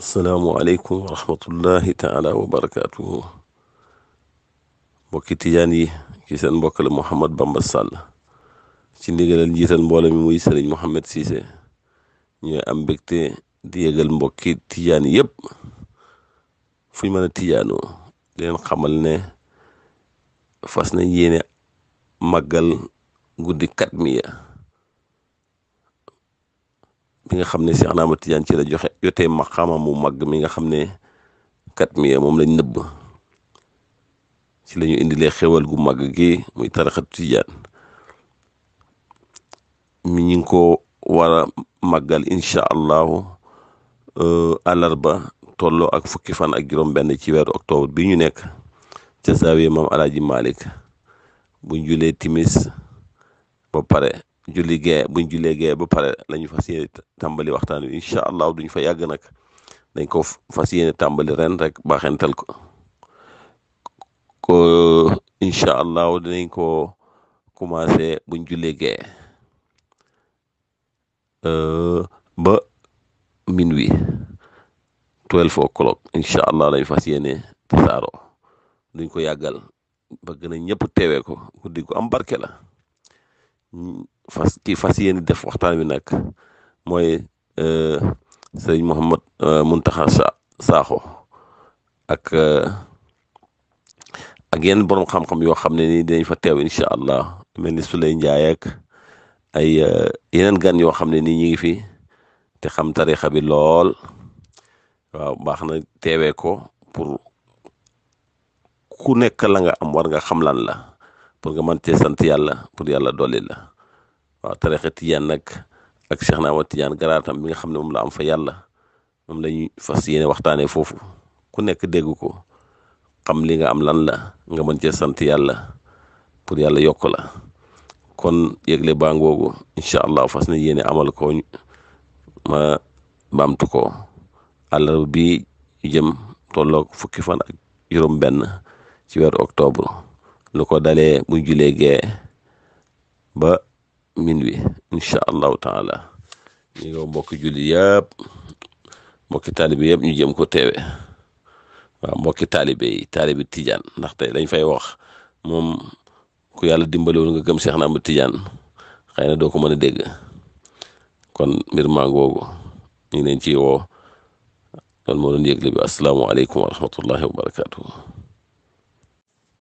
asalaamualeykum wa rahmatullahi taala wa barakaatuhu mbokki tijaan yi ci seen mbokk la Mouhamed Bamba Sall ci ndigalal njiital mboolo mi muy sëriñ Mouhamed Cissé ñooy am mbégte di yëgal mbokki tijaan yëpp fu ñu mën a tijaanoo di leen xamal ne fas nañ yéene màggal guddi katmiya bi nga xam ne Cheikh Ahmad Tidiane ci la joxe yotee maqaama mu màgg mi nga xam ne kat mi moom lañ nëbb ci la ñu indilee xewal gu màgg gi muy tarixatu Tidiane mi ñu ngi ko war màggal incha allahu euh, àllarba tolloo ak fukki fan ak juróom-benn ci weeru octobre bi ñu nekk ca zaawiya maam Alaaji Malik buñ julee timis ba julli gee buñ jullee gee ba pare lañu fas yéene tàmbali waxtaan wi incha allah duñ fa yàgg nag dañ ko fas yéene tàmbali ren rek baaxental ko ko incha allah dinañ ko commencé buñ jullee gee euh, ba minuit twelve o'clock incha allah lañ fas yéene tasaaroo duñ ko yàggal ba ñëpp teewee ko guddi gu barke la fas ki fas yéen def waxtaan wi nag mooy euh, sëriñ Mouhamad euh, Mountakha Sakho ak euh, ak yenn borom xam-xam yoo xam ne nii dinañ fa teew incha allah mel ni Souley Ndiaye ay yeneen gan yoo xam ne nii ñu ngi fi te xam tarixa bi lool waaw baax na teewee ko pour ku nekk la nga am war nga xam lan la pour nga mën cee sant yàlla pour yàlla dolli la. waaw tarixa tijaan nag ak Cheikh Naama Tijaan garaatam bi nga xam ne moom la am fa yàlla moom la fas yéene waxtaanee foofu ku nekk dégg ko xam li nga am lan la nga mën cee sant yàlla pour yàlla yokk la kon yëgle baa ngoogu incha allah fas na yéene amal ko ma baamtu ko àllarba bi jëm tollook fukki fan ak juróom-benn ci weeru octobre lu ko dalee bu julee gee min wi incha allahu taala ñu ngi mbokki julli yëpp mbokki taalibe yëpp ñu jëm ko teewe waaw mbokki taalibe yi ndax tijaan ndaxte dañ fay wax moom ku yàlla dimbale woon nga gëm Seex na am tijan xëy na doo ko mën a dégg kon mbir maa ngoogu ci ngi leen ciy woo loolu moo doon yëgle bi asalaamaaleykum wa rahmatullahi wa barakatuh